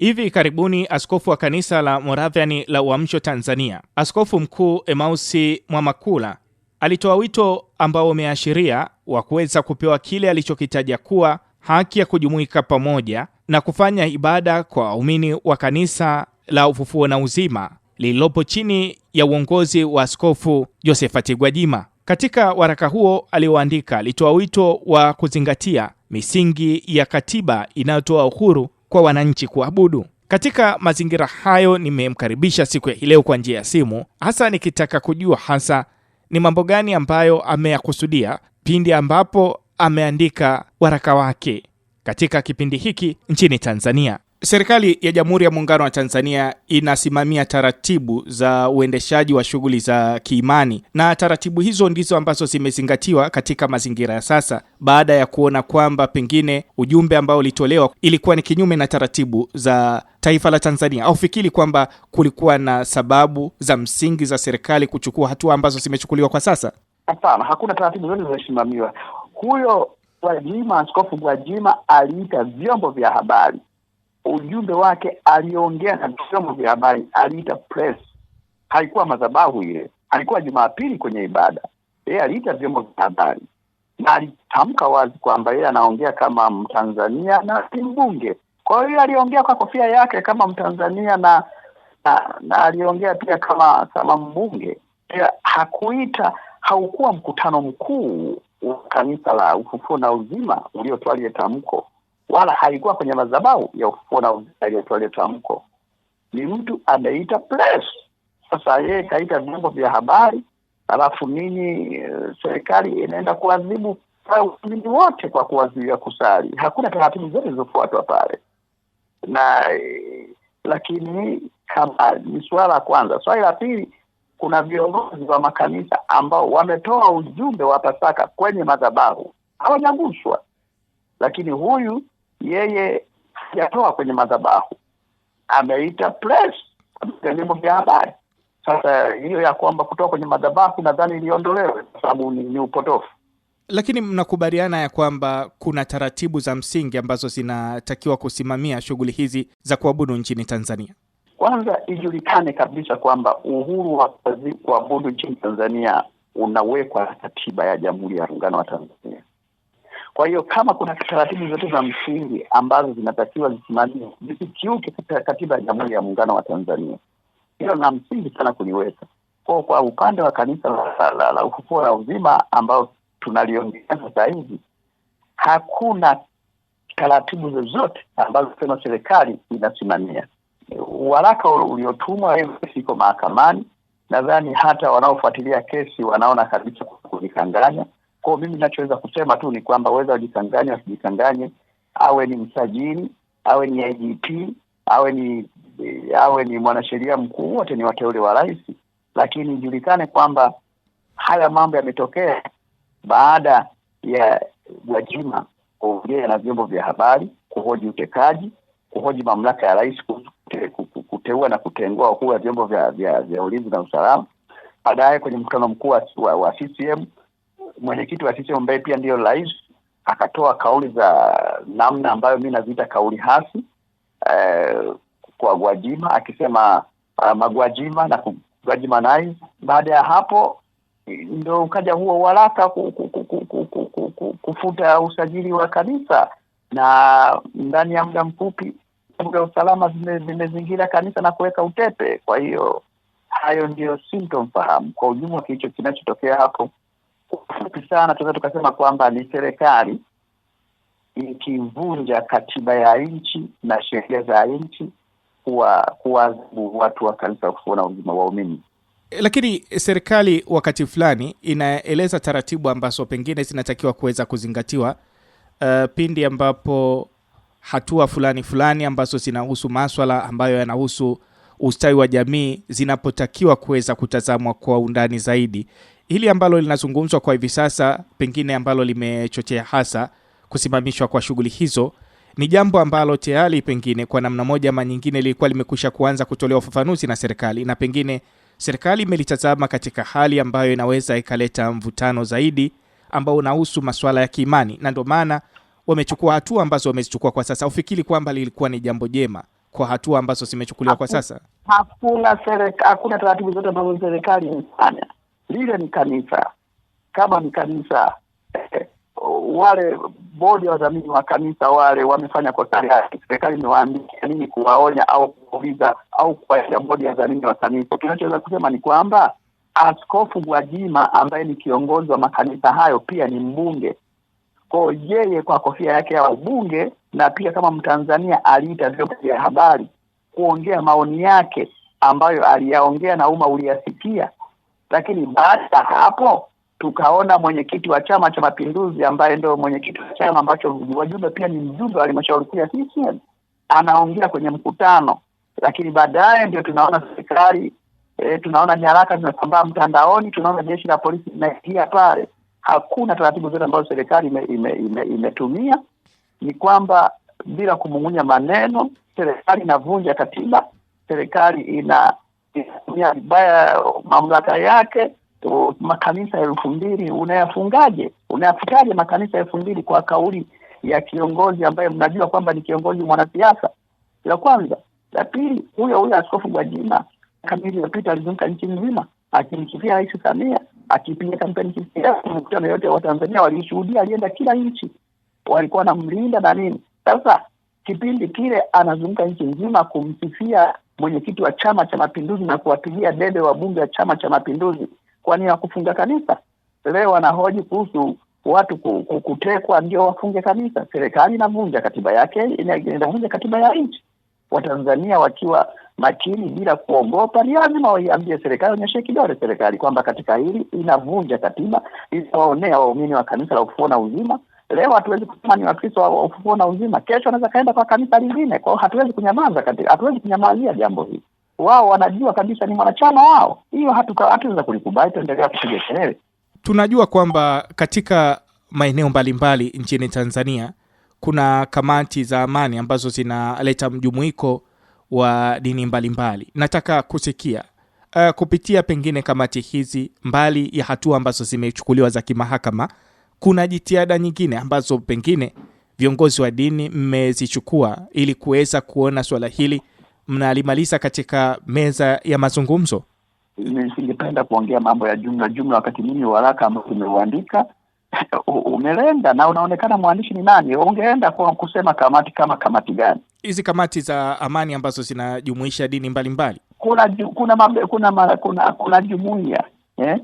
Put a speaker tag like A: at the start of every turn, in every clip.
A: Hivi karibuni askofu wa kanisa la Moravian la Uamsho Tanzania, askofu mkuu Emausi Mwamakula alitoa wito ambao umeashiria wa kuweza kupewa kile alichokitaja kuwa haki ya kujumuika pamoja na kufanya ibada kwa waumini wa kanisa la Ufufuo na Uzima lililopo chini ya uongozi wa askofu Josephat Gwajima. Katika waraka huo alioandika, alitoa wito wa kuzingatia misingi ya katiba inayotoa uhuru kwa wananchi kuabudu. Katika mazingira hayo, nimemkaribisha siku ya leo kwa njia ya simu, hasa nikitaka kujua hasa ni mambo gani ambayo ameyakusudia pindi ambapo ameandika waraka wake katika kipindi hiki nchini Tanzania. Serikali ya Jamhuri ya Muungano wa Tanzania inasimamia taratibu za uendeshaji wa shughuli za kiimani na taratibu hizo ndizo ambazo zimezingatiwa katika mazingira ya sasa, baada ya kuona kwamba pengine ujumbe ambao ulitolewa ilikuwa ni kinyume na taratibu za taifa la Tanzania. Au fikiri kwamba kulikuwa na sababu za msingi za serikali kuchukua hatua ambazo zimechukuliwa kwa sasa?
B: Hapana, hakuna taratibu zote zimesimamiwa. Huyo Gwajima, Askofu Gwajima aliita vyombo vya habari ujumbe wake aliongea na vyombo vya habari, aliita press. Haikuwa madhabahu ile, alikuwa Jumapili kwenye ibada, yeye aliita vyombo vya habari na alitamka wazi kwamba yeye anaongea kama Mtanzania na si mbunge. Kwa hiyo aliongea kwa kofia yake kama Mtanzania na na, na aliongea pia kama kama mbunge. Pia hakuita, haukuwa mkutano mkuu wa kanisa la Ufufuo na Uzima uliotoa lile tamko wala haikuwa kwenye madhabahu ya ufufuo na uzima tamko, ni mtu ameita press. Sasa yeye kaita vyombo vya habari, alafu nini, eh, serikali inaenda kuadhibu waumini wote kwa kuwazuia kusali. Hakuna taratibu zote zilizofuatwa pale na eh, lakini kama ni suala la kwanza. Swali la pili, kuna viongozi wa makanisa ambao wametoa ujumbe wa Pasaka kwenye madhabahu hawajaguswa, lakini huyu yeye hajatoa kwenye madhabahu, ameita press, vyombo vya habari. Sasa hiyo ya kwamba kutoka kwenye madhabahu nadhani iliondolewe kwa sababu ni, ni upotofu.
A: Lakini mnakubaliana ya kwamba kuna taratibu za msingi ambazo zinatakiwa kusimamia shughuli hizi za kuabudu nchini Tanzania.
B: Kwanza ijulikane kabisa kwamba uhuru wa kuabudu nchini Tanzania unawekwa na katiba ya Jamhuri ya Muungano wa Tanzania. Kwa hiyo kama kuna taratibu zote za msingi ambazo zinatakiwa zisimamiwe zisikiuke katiba ya Jamhuri ya Muungano wa Tanzania, hiyo na msingi sana kuliweka kwa, kwa upande wa kanisa la, la, la Ufufuo na Uzima ambao tunaliongea sasa hivi, hakuna taratibu zozote ambazo sema serikali inasimamia. Waraka uliotumwa iko mahakamani, nadhani hata wanaofuatilia kesi wanaona kabisa kunikanganya kwa mimi ninachoweza kusema tu ni kwamba weza wajichanganye wasijikanganye, awe ni msajili, awe ni IGP, awe ni awe ni mwanasheria mkuu, wote ni wateule wa rais, lakini ijulikane kwamba haya mambo yametokea baada ya wajima kuongea na vyombo vya habari, kuhoji utekaji, kuhoji mamlaka ya rais kute, kuteua na kutengua wakuu vyombo vya, vya, vya ulinzi na usalama, baadaye kwenye mkutano mkuu wa, wa CCM mwenyekiti wa CCM ambaye pia ndiyo rais akatoa kauli za namna ambayo mi naziita kauli hasi eh, kwa Gwajima akisema uh, ah, Magwajima na Gwajima naye. Baada ya hapo ndo ukaja huo waraka kufuta usajili wa kanisa, na ndani ya muda mfupi vya usalama zimezingira kanisa na kuweka utepe. Kwa hiyo hayo ndiyo simtomfahamu kwa ujumla, kilicho kinachotokea hapo kufupi sana tunaweza tukasema kwamba ni serikali ikivunja katiba ya nchi na sheria za nchi kuwa watu wa kanisa kufuna uzima waumini.
A: Eh, lakini serikali wakati fulani inaeleza taratibu ambazo pengine zinatakiwa kuweza kuzingatiwa uh, pindi ambapo hatua fulani fulani ambazo zinahusu maswala ambayo yanahusu ustawi wa jamii zinapotakiwa kuweza kutazamwa kwa undani zaidi hili ambalo linazungumzwa kwa hivi sasa, pengine ambalo limechochea hasa kusimamishwa kwa shughuli hizo, ni jambo ambalo tayari pengine kwa namna moja ama nyingine lilikuwa limekwisha kuanza kutolewa ufafanuzi na serikali, na pengine serikali imelitazama katika hali ambayo inaweza ikaleta mvutano zaidi ambao unahusu masuala ya kiimani, na ndio maana wamechukua hatua ambazo wamezichukua kwa sasa. Ufikiri kwamba lilikuwa ni jambo jema kwa hatua ambazo zimechukuliwa kwa sasa?
B: Hakuna hakuna taratibu zote ambazo serikali imefanya lile ni kanisa. Kama ni kanisa eh, wale bodi ya wadhamini wa kanisa wale wamefanya kwa gani? Serikali imewaandikia nini kuwaonya au kuuliza au kuwaisha bodi ya wadhamini wa kanisa? Tunachoweza kusema ni kwamba Askofu Gwajima ambaye ni kiongozi wa makanisa hayo pia ni mbunge ko yeye kwa kofia yake ya ubunge na pia kama Mtanzania aliita vyombo vya habari kuongea maoni yake ambayo aliyaongea na umma uliyasikia, lakini baada ya hapo tukaona mwenyekiti wa Chama cha Mapinduzi ambaye ndio mwenyekiti wa chama ambacho wajumbe pia ni mjumbe wa halmashauri kuu ya CCM anaongea kwenye mkutano, lakini baadaye ndio tunaona serikali e, tunaona nyaraka zinasambaa mtandaoni, tunaona jeshi la polisi linaingia pale. Hakuna taratibu zote ambazo serikali imetumia ime, ime, ime ni kwamba bila kumung'unya maneno, serikali inavunja katiba, serikali ina kutumia vibaya mamlaka yake tu, makanisa elfu mbili unayafungaje? Unayafikaje makanisa elfu mbili kwa kauli ya kiongozi ambaye mnajua kwamba ni kiongozi mwanasiasa? La kwanza. La pili, huyo huyo Askofu Gwajima kamili iliyopita alizunguka nchi nzima akimsifia Rais Samia, akipiga kampeni kisiasa. Mkutano yote wa Tanzania walishuhudia, alienda kila nchi, walikuwa wanamlinda na nini. Sasa kipindi kile anazunguka nchi nzima kumsifia mwenyekiti wa Chama cha Mapinduzi na kuwapigia debe wabunge wa Chama cha Mapinduzi kwa nia ya kufunga kanisa. Leo wanahoji kuhusu watu kutekwa ndio wafunge kanisa. Serikali inavunja katiba yake, inavunja katiba ya nchi. Watanzania wakiwa makini bila kuogopa, ni lazima waiambie serikali, onyeshe kidole serikali kwamba katika hili inavunja katiba, inawaonea waumini wa kanisa la Ufufuo na Uzima Leo hatuwezi kusema ni Wakristo wa ufufuo na uzima, kesho anaweza kaenda kwa kanisa lingine. Kwa hiyo hatuwezi kunyamaza katika, hatuwezi kunyamazia jambo hili. Wao wanajua kabisa ni mwanachama wao, hiyo hatuweza kulikubali, tuendelea kupiga kelele.
A: Tunajua kwamba katika maeneo mbalimbali nchini Tanzania kuna kamati za amani ambazo zinaleta mjumuiko wa dini mbalimbali. Nataka kusikia uh, kupitia pengine kamati hizi, mbali ya hatua ambazo zimechukuliwa za kimahakama kuna jitihada nyingine ambazo pengine viongozi wa dini mmezichukua ili kuweza kuona swala hili mnalimaliza katika meza ya mazungumzo?
B: Nisingependa kuongea mambo ya jumla jumla, wakati mimi waraka ambao tumeuandika umelenda na unaonekana mwandishi ni nani. Ungeenda kwa kusema kamati kama kamati gani?
A: Hizi kamati za amani ambazo zinajumuisha dini mbalimbali mbali.
B: Kuna kuna, kuna, kuna, kuna, kuna eh?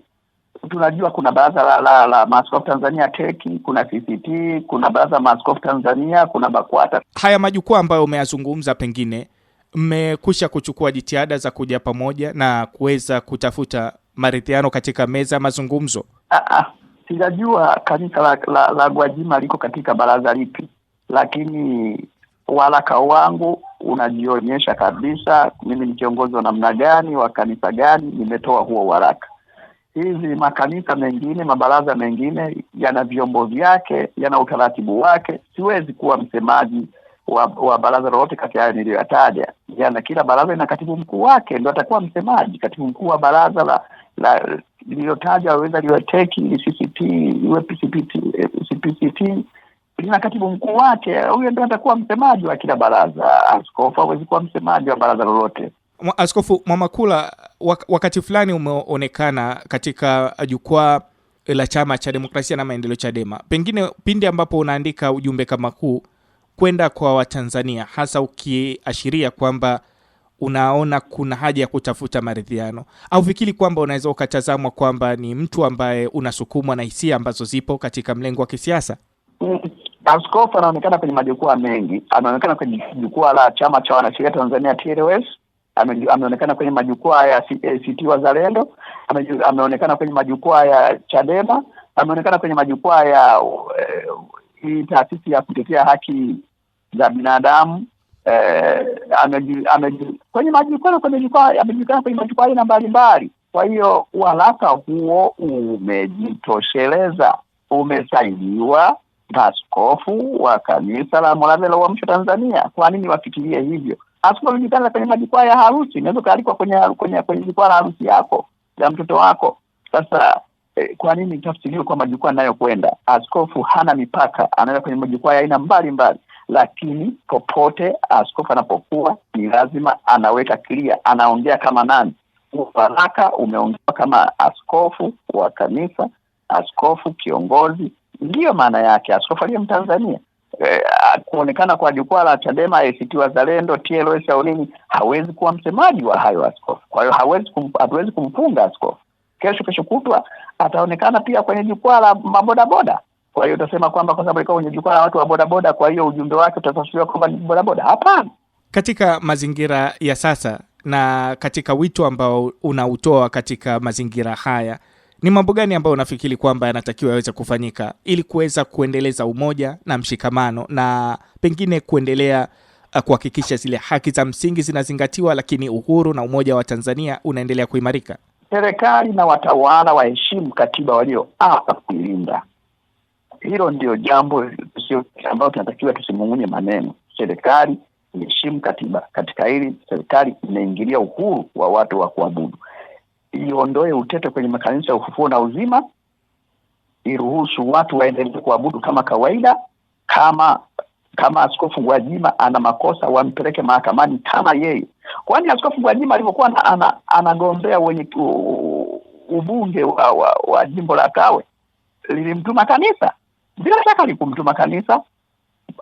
B: tunajua kuna baraza la, la, la maaskofu Tanzania teki, kuna CCT, kuna baraza la maaskofu Tanzania, kuna BAKWATA.
A: Haya majukwaa ambayo umeyazungumza, pengine mmekwisha kuchukua jitihada za kuja pamoja na kuweza kutafuta maridhiano katika meza ya mazungumzo?
B: Ah, ah, sijajua kanisa la, la, la Gwajima liko katika baraza lipi, lakini waraka wangu unajionyesha kabisa mimi ni kiongozi wa namna gani wa kanisa gani, nimetoa huo waraka hizi makanisa mengine, mabaraza mengine yana vyombo vyake, yana utaratibu wake. Siwezi kuwa msemaji wa, wa baraza lolote kati hayo niliyoyataja. Yana kila baraza ina katibu mkuu wake, ndo atakuwa msemaji. Katibu mkuu wa baraza la la weza aweza liwe teki CCT CPCT eh, lina katibu mkuu wake, huyo ndo atakuwa msemaji wa kila baraza. Askofu hawezi kuwa msemaji wa baraza lolote.
A: Askofu Mwamakula, wakati fulani umeonekana katika jukwaa la chama cha demokrasia na maendeleo Chadema, pengine pindi ambapo unaandika ujumbe kama huu kwenda kwa Watanzania, hasa ukiashiria kwamba unaona kuna haja ya kutafuta maridhiano, au fikiri kwamba unaweza ukatazamwa kwamba ni mtu ambaye unasukumwa na hisia ambazo zipo katika mlengo wa kisiasa?
B: Mm, askofu anaonekana kwenye majukwaa mengi, anaonekana kwenye jukwaa la chama cha wanasheria Tanzania TLS ameonekana kwenye majukwaa ya ACT eh, Wazalendo, zalendo ameonekana kwenye majukwaa ya Chadema, ameonekana kwenye majukwaa ya eh, hii taasisi ya kutetea haki za binadamu eh, kwenye majukwaa kwenye majukwaa amejulikana kwenye majukwaa aina mbalimbali. Kwa hiyo waraka huo umejitosheleza, umesainiwa na askofu wa kanisa la Morava wa Uamsho Tanzania. Kwa nini wafikirie hivyo? asipo anajulikana kwenye majukwaa ya harusi, unaweza ukaalikwa kwenye kwenye kwenye jukwaa la harusi yako ya mtoto wako. Sasa eh, kwa nini tafsiriwe kwa majukwaa anayokwenda? Askofu hana mipaka, anaenda kwenye majukwaa ya aina mbalimbali, lakini popote askofu anapokuwa ni lazima anaweka kilia, anaongea kama nani. Ufaraka umeongewa kama askofu wa kanisa, askofu kiongozi, ndiyo maana yake askofu aliye Mtanzania eh, kuonekana kwa jukwaa la Chadema, ACT Wazalendo, TLS au nini, hawezi kuwa msemaji wa hayo askofu. Kwa hiyo hawezi kum, hatuwezi kumfunga askofu. Kesho kesho kutwa ataonekana pia kwenye jukwaa la mabodaboda. Kwa hiyo utasema kwamba kwa sababu alikuwa kwenye jukwaa la watu wa bodaboda, kwa hiyo ujumbe wake utatafsiriwa kwamba ni bodaboda? Hapana.
A: Katika mazingira ya sasa na katika wito ambao unautoa katika mazingira haya ni mambo gani ambayo unafikiri kwamba yanatakiwa yaweze kufanyika ili kuweza kuendeleza umoja na mshikamano na pengine kuendelea uh, kuhakikisha zile haki za msingi zinazingatiwa, lakini uhuru na umoja wa Tanzania unaendelea kuimarika?
B: Serikali na watawala waheshimu katiba walioapa kuilinda. Hilo ndio jambo ambalo tunatakiwa tusimung'unye maneno. Serikali iheshimu katiba. Katika hili serikali inaingilia uhuru wa watu wa kuabudu iondoe utete kwenye makanisa ya ufufuo na uzima, iruhusu watu waendelee kuabudu kama kawaida. Kama kama Askofu Gwajima ana makosa, wampeleke mahakamani kama yeye, kwani Askofu Gwajima alivyokuwa ana, anagombea wenye ubunge wa, wa, wa jimbo la Kawe lilimtuma kanisa. Bila shaka alikumtuma kanisa,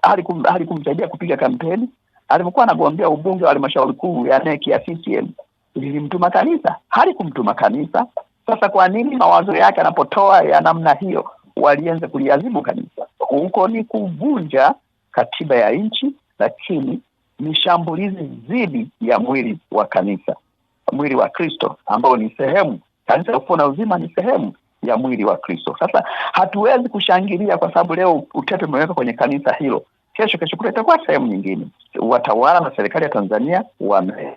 B: alikum, alikumsaidia kupiga kampeni. Alivyokuwa anagombea ubunge wa halmashauri kuu ya NEC ya CCM lilimtuma kanisa, halikumtuma kanisa. Sasa kwa nini mawazo yake anapotoa ya namna hiyo walianza kuliazibu kanisa? Huko ni kuvunja katiba ya nchi, lakini ni shambulizi dhidi ya mwili wa kanisa, mwili wa Kristo ambao ni sehemu kanisa. Ufufuo na uzima ni sehemu ya mwili wa Kristo. Sasa hatuwezi kushangilia kwa sababu leo utete umeweka kwenye kanisa hilo, kesho kesho kule itakuwa sehemu nyingine. Watawala na serikali ya Tanzania wame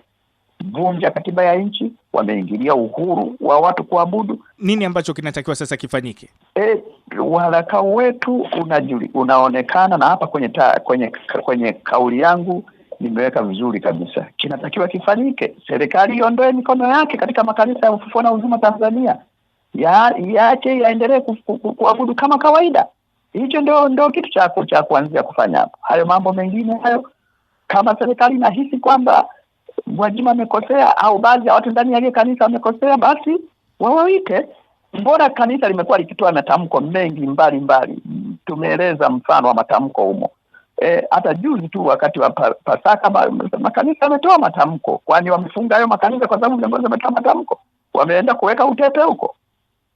B: kuvunja katiba ya nchi, wameingilia uhuru wa watu kuabudu.
A: Nini ambacho kinatakiwa sasa kifanyike?
B: E, waraka wetu unajuli, unaonekana na hapa kwenye, ta, kwenye kwenye kauli yangu nimeweka vizuri kabisa, kinatakiwa kifanyike. Serikali iondoe mikono yake katika makanisa ya ufufuo na uzima Tanzania, yaache ya yaendelee kuabudu kama kawaida. Hicho ndio ndo kitu cha cha kuanzia kufanya hapo. Hayo mambo mengine hayo, kama serikali inahisi kwamba Gwajima amekosea au baadhi ya watu ndani ya ile kanisa wamekosea, basi wawaite. Mbona kanisa limekuwa likitoa matamko mengi mbalimbali, tumeeleza mfano wa matamko humo e, hata e, juzi tu wakati wa Pasaka makanisa ametoa matamko. Kwani wamefunga hayo makanisa kwa sababu viongozi wametoa matamko? Wameenda kuweka utepe huko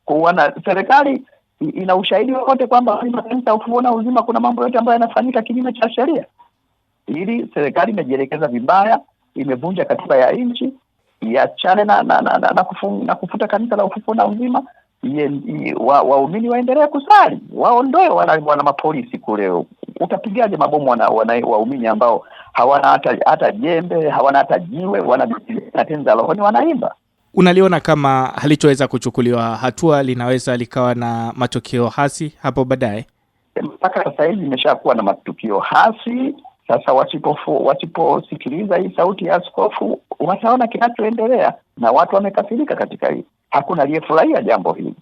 B: kuwa serikali ina ushahidi wote kwamba makanisa Ufufuo na Uzima kuna mambo yote ambayo yanafanyika kinyume cha sheria? Ili serikali imejielekeza vibaya imevunja katiba ya nchi, iachane na na, na, na, na, kufu, na kufuta kanisa la ufufuo na uzima waumini wa waendelee kusali, waondoe wana, wana mapolisi kule. Utapigaje mabomu waumini wana, ambao hawana hata hata jembe hawana hata jiwe, wanatenza rohoni wanaimba?
A: Unaliona kama halichoweza kuchukuliwa hatua linaweza likawa na matukio hasi hapo baadaye?
B: Mpaka sasa hivi imeshakuwa na matukio hasi sasa wasipofu wasiposikiliza hii sauti ya askofu, wataona kinachoendelea, na watu wamekasirika katika hii. Hakuna aliyefurahia jambo hili,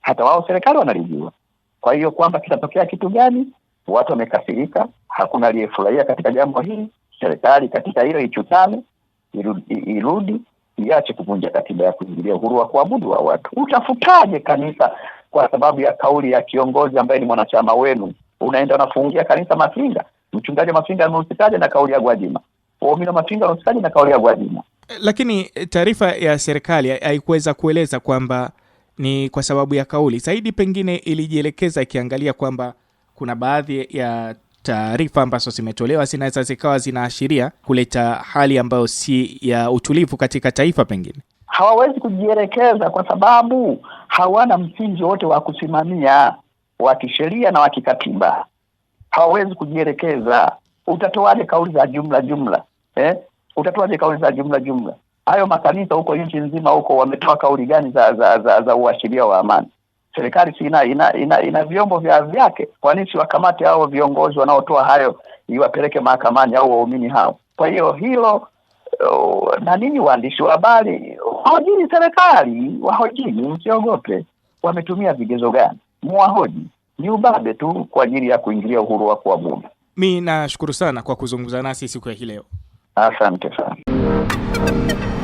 B: hata wao serikali wanalijua. Kwa hiyo kwamba kitatokea kitu gani, watu wamekasirika, hakuna aliyefurahia katika jambo hili. Serikali katika hilo ichutane, irudi, iache kuvunja katiba ya kuingilia uhuru wa kuabudu wa watu. Utafutaje kanisa kwa sababu ya kauli ya kiongozi ambaye ni mwanachama wenu? Unaenda unafungia kanisa makinga. Mchungaji wa Mafinga amehusikaje na kauli ya Gwajima? Waumini wa Mafinga wamehusikaje na kauli ya Gwajima?
A: Eh, lakini eh, taarifa ya serikali haikuweza kueleza kwamba ni kwa sababu ya kauli, zaidi pengine ilijielekeza ikiangalia kwamba kuna baadhi ya taarifa ambazo zimetolewa zinaweza zikawa zinaashiria kuleta hali ambayo si ya utulivu katika taifa. Pengine
B: hawawezi kujielekeza kwa sababu hawana msingi wote wa kusimamia wa kisheria na wa kikatiba hawawezi kujielekeza. Utatoaje kauli za jumla jumla eh? Utatoaje kauli za jumla jumla? Hayo makanisa huko nchi nzima huko wametoa kauli gani za za, za, za uashiria wa amani? Serikali si ina, ina, ina, ina vyombo vya vyake. Kwa nini wakamate hao viongozi wanaotoa hayo iwapeleke mahakamani au waumini hao? Kwa hiyo hilo uh, na ninyi waandishi wa habari hojini serikali, wahojini, msiogope. Wametumia vigezo gani? Muwahoji ni ubabe tu kwa ajili ya kuingilia uhuru wako wa bunge.
A: Mi nashukuru sana kwa kuzungumza nasi siku ya hii leo.
B: Asante sana.